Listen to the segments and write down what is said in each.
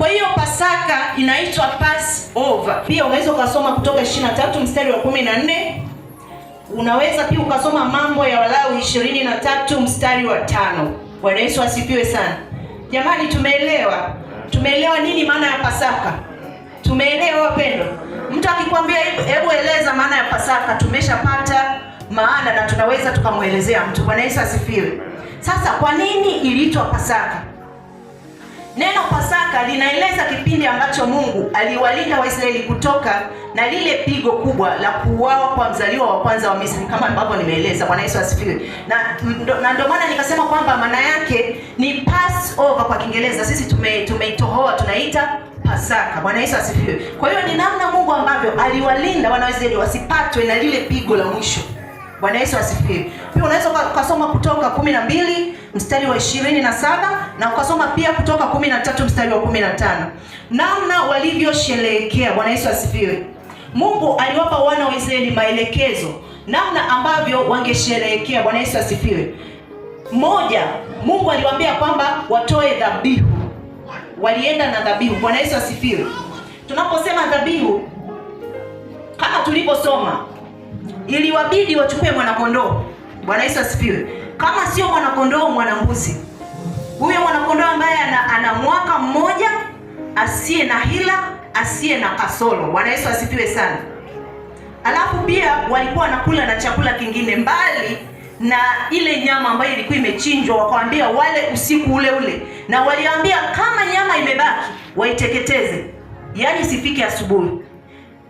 Kwa hiyo Pasaka inaitwa Passover. Pia unaweza ukasoma Kutoka 23 mstari wa 14. Unaweza pia ukasoma Mambo ya Walawi 23 mstari wa tano. Bwana Yesu asifiwe sana. Jamani, tumeelewa? Tumeelewa nini maana ya Pasaka? Tumeelewa wapendwa? Mtu akikwambia hebu eleza maana ya Pasaka, tumeshapata maana na tunaweza tukamwelezea mtu. Bwana Yesu asifiwe. Sasa kwa nini iliitwa Pasaka? Neno Pasaka linaeleza kipindi ambacho Mungu aliwalinda Waisraeli kutoka na lile pigo kubwa la kuuawa kwa mzaliwa wa kwanza wa Misri kama ambavyo nimeeleza. Bwana Yesu asifiwe. Na na ndio maana nikasema kwamba maana yake ni pass over kwa Kiingereza, sisi tume tumeitohoa tunaita Pasaka. Bwana Yesu asifiwe. Kwa hiyo ni namna Mungu ambavyo aliwalinda wana Waisraeli wasipatwe na lile pigo la mwisho. Bwana Yesu asifiwe. Pia unaweza ukasoma Kutoka kumi na mbili mstari wa ishirini na saba na ukasoma pia Kutoka kumi na tatu mstari wa kumi na tano namna walivyosherehekea. Bwana Yesu asifiwe. Mungu aliwapa wana wa Israeli maelekezo namna ambavyo wangesherehekea. Bwana Yesu asifiwe. Moja, Mungu aliwaambia kwamba watoe dhabihu, walienda na dhabihu. Bwana Yesu asifiwe. Tunaposema dhabihu, kama tuliposoma iliwabidi wachukue mwanakondoo. Bwana Yesu asifiwe! Kama sio mwanakondoo, mwanambuzi. Huyo mwanakondoo ambaye ana, ana mwaka mmoja, asiye na hila, asiye na kasoro. Bwana Yesu asifiwe sana. Alafu pia walikuwa wanakula na chakula kingine mbali na ile nyama ambayo ilikuwa imechinjwa, wakawaambia wale usiku ule ule, na waliambia kama nyama imebaki waiteketeze, yaani isifike asubuhi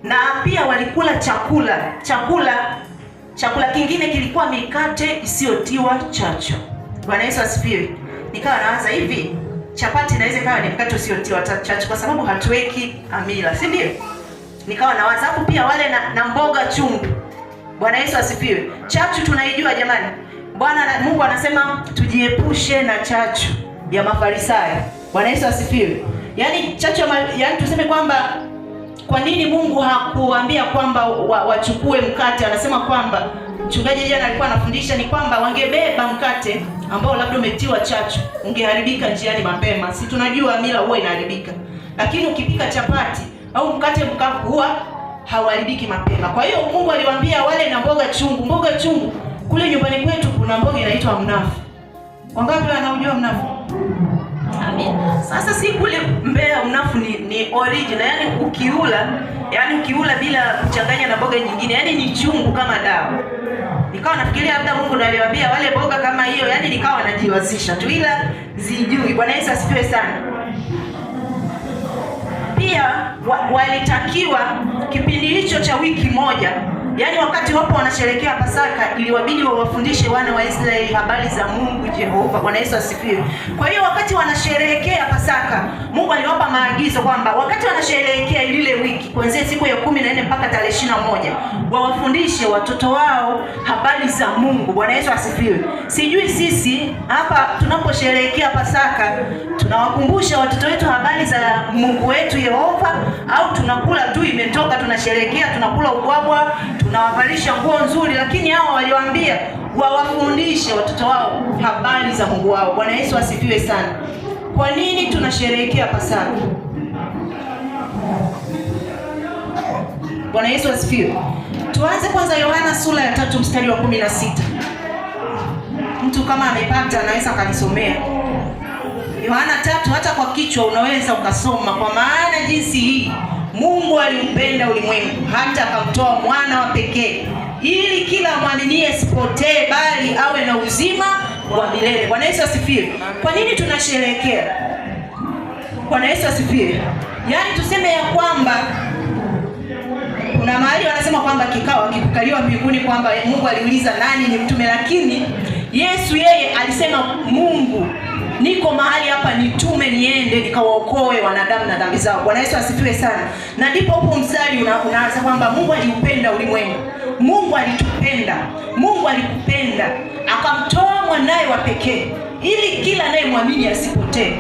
na pia walikula chakula chakula chakula kingine kilikuwa mikate isiyotiwa chacho Bwana Yesu asifiwe. Nikawa nawaza hivi, chapati inaweza ikawa ni mkate usiotiwa chacho kwa sababu hatuweki amila, si ndio? Nikawa nawaza hapo pia wale na, na mboga chungu. Bwana Yesu asifiwe. Chachu tunaijua jamani. Bwana Mungu anasema tujiepushe na chachu ya Mafarisayo. Bwana Yesu asifiwe. Yaani chachu ya, yaani tuseme kwamba kwa nini Mungu hakuambia kwamba wa, wachukue mkate? Anasema kwamba mchungaji jana alikuwa anafundisha ni kwamba wangebeba mkate ambao labda umetiwa chachu, ungeharibika njiani mapema. Si tunajua mila huwa inaharibika, lakini ukipika chapati au mkate mkavu huwa hauharibiki mapema. Kwa hiyo Mungu aliwaambia wale na mboga chungu. Mboga chungu kule nyumbani kwetu kuna mboga inaitwa mnafu. Wangapi wanaujua mnafu? Amen. Sasa si kule mbea mnafu ni, ni original yani, ukiula yani ukiula bila kuchanganya na boga nyingine yani ni chungu kama dawa. Nikawa nafikiria labda Mungu ndiye aliwaambia wale boga kama hiyo, yani nikawa najiwazisha tu, ila zijui. Bwana Yesu asifiwe sana. Pia walitakiwa kipindi hicho cha wiki moja Yaani wakati wapo wanasherehekea Pasaka iliwabidi wawafundishe wana wa Israeli habari za Mungu Jehova. Bwana Yesu asifiwe. Kwa hiyo wakati wanasherehekea Pasaka, Mungu aliwapa maagizo kwamba wakati wanasherehekea lile wiki kuanzia siku ya kumi na nne mpaka tarehe ishirini na moja wawafundishe watoto wao habari za Mungu. Bwana Yesu asifiwe. Sijui sisi hapa tunaposherehekea Pasaka tunawakumbusha watoto wetu habari za Mungu wetu Yehova au tunakula tu imetoka, tunasherehekea, tunakula ubwabwa mnawavalisha nguo nzuri, lakini hao waliwaambia wawafundishe watoto wao habari za Mungu wao. Bwana Yesu asifiwe sana. Kwa nini tunasherehekea Pasaka? Bwana Yesu asifiwe. Tuanze kwanza Yohana sura ya tatu mstari wa kumi na sita. Mtu kama amepata anaweza akanisomea Yohana tatu, hata kwa kichwa unaweza ukasoma, kwa maana jinsi hii Mungu aliupenda ulimwengu hata akamtoa mwana wa pekee ili kila mwaminie asipotee bali awe na uzima wa milele. Bwana Yesu asifiwe. Kwa nini tunasherehekea? Bwana Yesu asifiwe. Yaani tuseme ya kwamba kuna mahali wanasema kwamba kikao kikukaliwa mbinguni, kwamba Mungu aliuliza nani ni mtume, lakini Yesu yeye alisema Mungu niko mahali hapa nitume niende nikawaokoe wanadamu na dhambi zao. Bwana Yesu asifiwe sana. Na ndipo hupo mstari unaanza kwamba Mungu aliupenda ulimwengu, Mungu alitupenda, Mungu alikupenda akamtoa mwanaye wa pekee ili kila anayemwamini asipotee.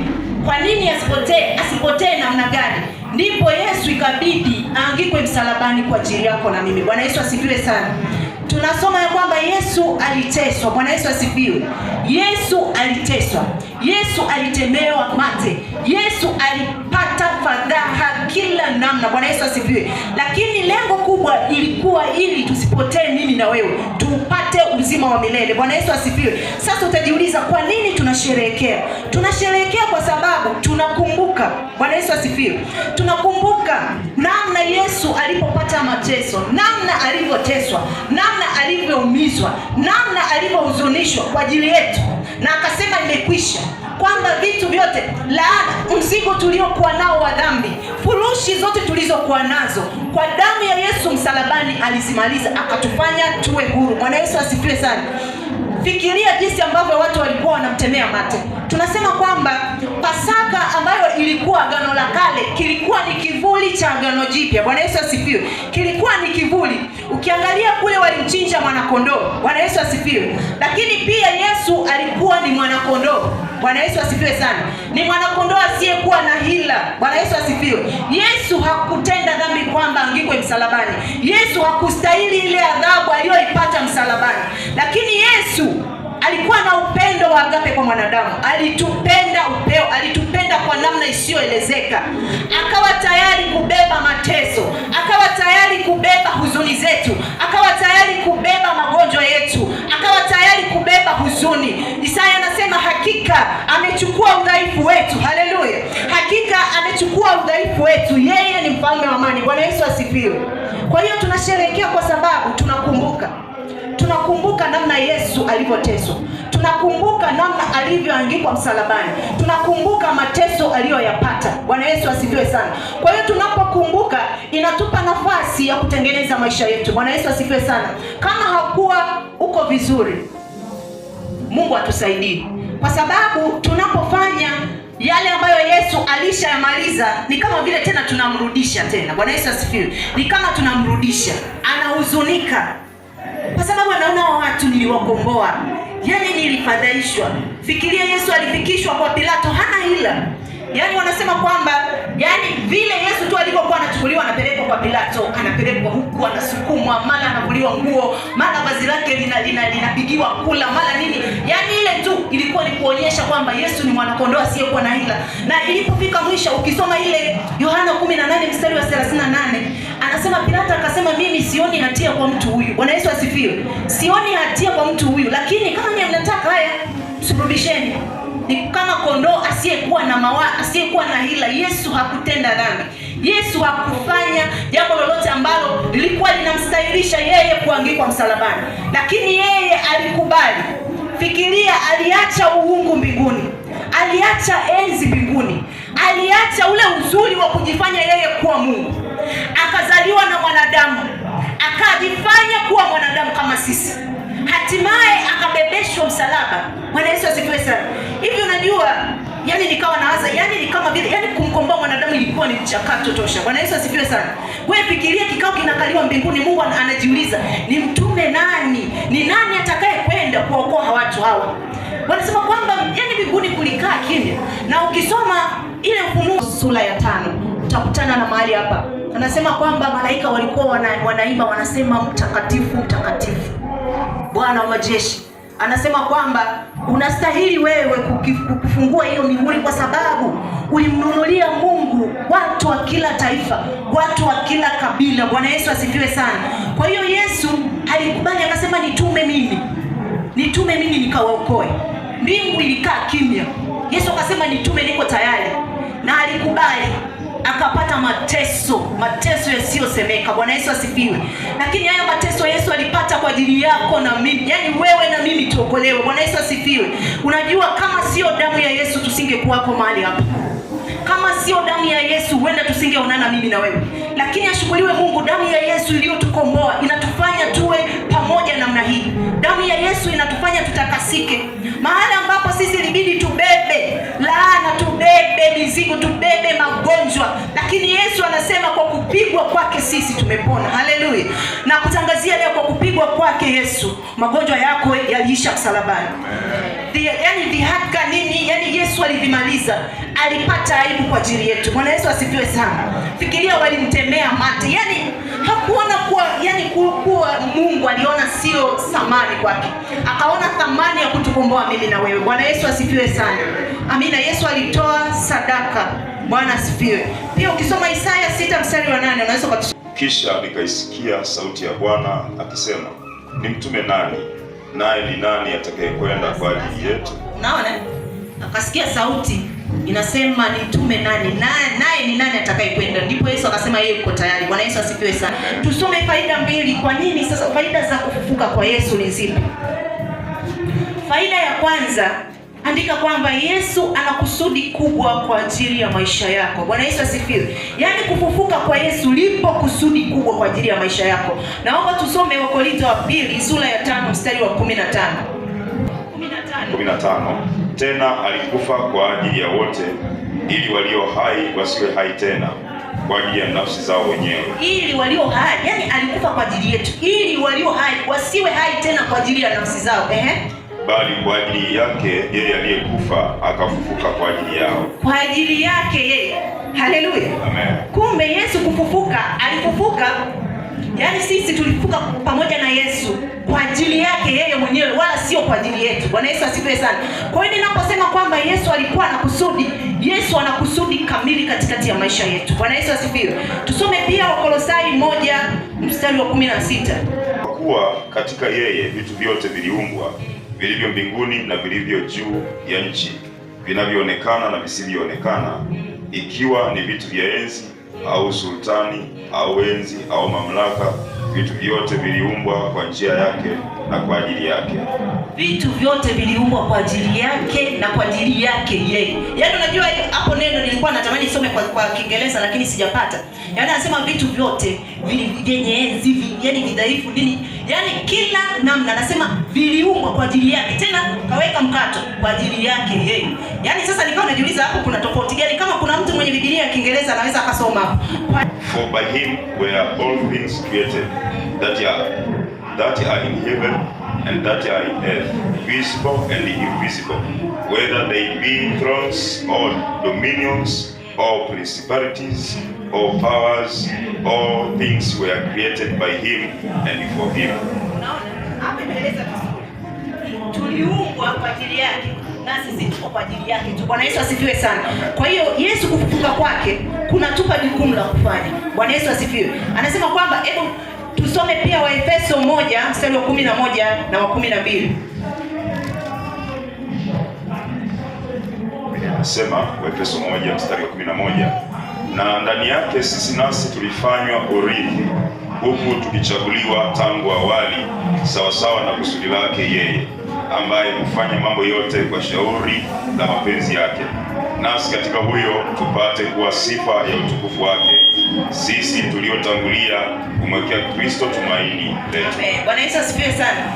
Kwa nini asipotee? Asipotee namna gani? Ndipo Yesu ikabidi aangikwe msalabani kwa ajili yako na mimi. Bwana Yesu asifiwe sana tunasoma ya kwamba Yesu aliteswa. Bwana Yesu asifiwe. Yesu aliteswa, Yesu alitemewa mate, Yesu alipata fadhaa kila namna. Bwana Yesu asifiwe. Lakini lengo kubwa ilikuwa ili tusipotee mimi na wewe, tupate uzima wa milele. Bwana Yesu asifiwe. Sasa utajiuliza kwa nini tunasherehekea. Tunasherehekea kwa sababu tunakumbuka, Bwana Yesu asifiwe, tunakumbuka namna Yesu alipopata mateso, namna alivyoteswa, namna alivyoumizwa, namna alivyohuzunishwa kwa ajili yetu, na akasema imekwisha kwamba vitu vyote laana, mzigo tuliokuwa nao wa dhambi, furushi zote tulizokuwa nazo, kwa damu ya Yesu msalabani alizimaliza, akatufanya tuwe huru. Bwana Yesu asifiwe sana. Fikiria jinsi ambavyo watu walikuwa wanamtemea mate. Tunasema kwamba Pasaka ambayo ilikuwa agano la kale kilikuwa ni kivuli cha agano jipya. Bwana Yesu asifiwe. Kilikuwa ni kivuli. Ukiangalia kule walimchinja mwana kondoo. Bwana Yesu asifiwe. Lakini pia Yesu alikuwa ni mwana kondoo. Bwana Yesu asifiwe sana. Ni mwana kondoo asiyekuwa na hila. Bwana Yesu asifiwe. Yesu hakut msalabani. Yesu hakustahili ile adhabu aliyoipata msalabani, lakini Yesu alikuwa na upendo wa agape kwa mwanadamu. Alitupenda upeo, alitupenda kwa namna isiyoelezeka, akawa tayari kubeba mateso, akawa tayari kubeba huzuni zetu, akawa tayari kubeba magonjwa yetu, akawa tayari kubeba huzuni. Isaya anasema hakika amechukua udhaifu wetu. Haleluya kuwa udhaifu wetu. Yeye ni mfalme wa amani. Bwana Yesu asifiwe. Kwa hiyo tunasherehekea kwa sababu tunakumbuka, tunakumbuka namna Yesu alivyoteswa, tunakumbuka namna alivyoangikwa msalabani, tunakumbuka mateso aliyoyapata. Bwana Yesu asifiwe sana. Kwa hiyo tunapokumbuka, inatupa nafasi ya kutengeneza maisha yetu. Bwana Yesu asifiwe sana. Kama hakuwa uko vizuri, Mungu atusaidie, kwa sababu tunapofanya yale ambayo Yesu alishayamaliza ni kama vile tena tunamrudisha tena. Bwana Yesu asifiwe. Ni kama tunamrudisha, anahuzunika kwa sababu anaona watu niliwakomboa, yani nilifadhaishwa. Fikiria Yesu alifikishwa kwa Pilato, hana hila Yaani wanasema kwamba yani vile Yesu tu alivyokuwa anachukuliwa anapelekwa kwa Pilato, anapelekwa huku, anasukumwa, mara anavuliwa nguo, mara vazi lake linapigiwa lina, lina kula, mara nini, yaani ilikuwa ni kuonyesha kwamba Yesu ni mwanakondoo asiyekuwa na hila. Na ilipofika mwisho, ukisoma ile Yohana 18 mstari wa 38 anasema, Pilato akasema, mimi sioni hatia kwa mtu huyu. Bwana Yesu asifiwe. Sioni hatia kwa mtu huyu, lakini kama mimi mnataka, haya msurubisheni. Ni kama kondoo asiyekuwa na mawa, asiyekuwa na hila. Yesu hakutenda dhambi. Yesu hakufanya jambo lolote ambalo lilikuwa linamstahilisha yeye kuangikwa msalabani, lakini yeye alikubali Fikiria, aliacha uungu mbinguni, aliacha enzi mbinguni, aliacha ule uzuri wa kujifanya yeye kuwa Mungu, akazaliwa na mwanadamu, akajifanya kuwa mwanadamu kama sisi, hatimaye akabebeshwa msalaba. Bwana Yesu asifiwe sana. Hivi unajua, yani nikawa nawaza yani kama vile yani, kumkomboa mwanadamu ilikuwa ni mchakato tosha. Bwana Yesu asifiwe sana. Wewe fikiria kikao kinakaliwa mbinguni, Mungu anajiuliza ni mtume nani? Ni nani atakaye kwenda kuwaokoa watu hawa? Wanasema kwamba yani mbinguni kulikaa kimya, na ukisoma ile Ufunuo sura ya tano utakutana na mahali hapa, anasema kwamba malaika walikuwa wana, wanaimba wanasema, mtakatifu mtakatifu Bwana wa majeshi anasema kwamba unastahili wewe kukifungua hiyo mihuri kwa sababu ulimnunulia Mungu watu wa kila taifa, watu wa kila kabila. Bwana Yesu asifiwe sana. Kwa hiyo Yesu alikubali akasema, nitume mimi, nitume mimi nikawaokoe. Mbingu ilikaa kimya, Yesu akasema, nitume, niko tayari, na alikubali akapata mateso, mateso yasiyosemeka. Bwana Yesu asifiwe. Lakini hayo mateso Yesu alipata kwa ajili yako na mimi, yaani wewe na mimi tuokolewe. Bwana Yesu asifiwe. Unajua, kama sio damu ya Yesu tusingekuwako mahali hapa kama sio damu ya Yesu huenda tusingeonana mimi na wewe, lakini ashukuriwe Mungu, damu ya Yesu iliyotukomboa inatufanya tuwe pamoja namna hii. Damu ya Yesu inatufanya tutakasike, mahala ambapo sisi libidi tubebe laana, tubebe mizigo, tubebe magonjwa, lakini Yesu anasema kwa kupigwa kwake sisi tumepona. Haleluya! na kutangazia leo, kwa kupigwa kwake Yesu magonjwa yako yaliisha msalabani. yani dhihaka nini Yesu alivimaliza, alipata aibu kwa ajili yetu. Bwana Yesu asifiwe sana. Fikiria, walimtemea mate, yaani hakuona kuwa, yani kuwa Mungu aliona sio thamani kwake, akaona thamani ya kutukomboa mimi na wewe. Bwana Yesu asifiwe sana. Amina. Yesu alitoa sadaka. Bwana asifiwe. Pia ukisoma Isaya sita mstari wa nane unaweza ukatu. Kisha nikaisikia sauti ya Bwana akisema, nimtume nani? Naye ni nani atakayekwenda kwa ajili yetu? Unaona? akasikia sauti inasema nitume nani, naye ni nani atakayekwenda? Ndipo Yesu akasema yeye yuko tayari. Bwana Yesu asifiwe sana. Tusome faida mbili. Kwa nini sasa? Faida za kufufuka kwa Yesu ni zipi? Faida ya kwanza, andika kwamba Yesu ana kusudi kubwa kwa ajili ya maisha yako. Bwana Yesu asifiwe. Yaani kufufuka kwa Yesu lipo kusudi kubwa kwa ajili ya maisha yako. Naomba tusome wakorinto wa pili sura ya tano mstari wa 15. 15. 15. Tena alikufa kwa ajili ya wote, ili walio hai wasiwe hai tena kwa ajili ya nafsi zao wenyewe, ili walio hai, yani alikufa kwa ajili yetu, ili walio hai wasiwe hai tena kwa ajili ya nafsi zao ehe bali kwa ajili yake yeye aliyekufa akafufuka kwa ajili yao, kwa ajili yake yeye. Haleluya, amen. Kumbe Yesu kufufuka, alifufuka Yaani sisi tulifuka pamoja na Yesu kwa ajili yake yeye mwenyewe, wala sio kwa ajili yetu. Bwana Yesu asifiwe sana. Kwa hiyo ninaposema kwamba Yesu alikuwa anakusudi Yesu anakusudi kamili katikati ya maisha yetu. Bwana Yesu asifiwe. Tusome pia Wakolosai moja mstari wa kumi na sita kwa kuwa katika yeye vitu vyote viliumbwa vilivyo mbinguni na vilivyo juu ya nchi, vinavyoonekana na visivyoonekana, ikiwa ni vitu vya enzi au sultani au enzi au mamlaka, vitu vyote viliumbwa kwa njia yake na kwa ajili yake. Vitu vyote viliumbwa kwa ajili yake na kwa ajili yake yeye. Yaani, unajua hapo neno nilikuwa natamani nisome kwa, kwa Kiingereza lakini sijapata. Yaani anasema vitu vyote vyenye enzi, yaani vidhaifu, nini yaani kila namna, anasema viliumbwa kwa ajili yake, tena kaweka mkato kwa ajili yake yeye. Yaani sasa nikawa najiuliza hapo kuna tofauti gani? Kama kuna mtu mwenye Biblia ya Kiingereza anaweza akasoma For by him were all things created that are that are in heaven and that are in earth, visible and invisible, whether they be thrones or dominions or principalities all powers, all things were created by him and for him. kwa Bwana Yesu asifiwe sana. Kwa hiyo Yesu kufufuka kwake kunatupa jukumu la kufanya. Bwana Yesu asifiwe. Anasema kwamba hebu tusome pia Waefeso moja mstari wa kumi na moja na wa kumi na mbili. Anasema Waefeso moja mstari wa kumi na moja na ndani yake sisi nasi tulifanywa urithi, huku tukichaguliwa tangu awali sawasawa na kusudi lake yeye, ambaye hufanya mambo yote kwa shauri la mapenzi yake, nasi katika huyo tupate kuwa sifa ya utukufu wake, sisi tuliotangulia kumwekea Kristo tumaini letu. Bwana Yesu asifiwe sana.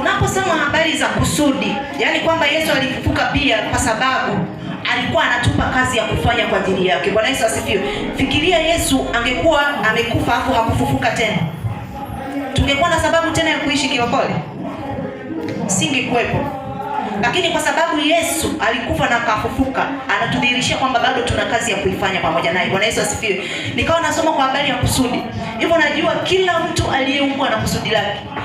Unaposema habari za kusudi, yaani kwamba Yesu alifufuka pia kwa sababu alikuwa anatupa kazi ya kufanya kwa ajili yake. Bwana Yesu asifiwe. Fikiria Yesu angekuwa amekufa hapo hakufufuka tena, tungekuwa na sababu tena ya kuishi kiokole? Singekuwepo. Lakini kwa sababu Yesu alikufa na akafufuka, anatudhihirishia kwamba bado tuna kazi ya kuifanya pamoja naye. Bwana Yesu asifiwe. Nikawa nasoma kwa habari ya kusudi hivyo, najua kila mtu aliyeumbwa na kusudi lake.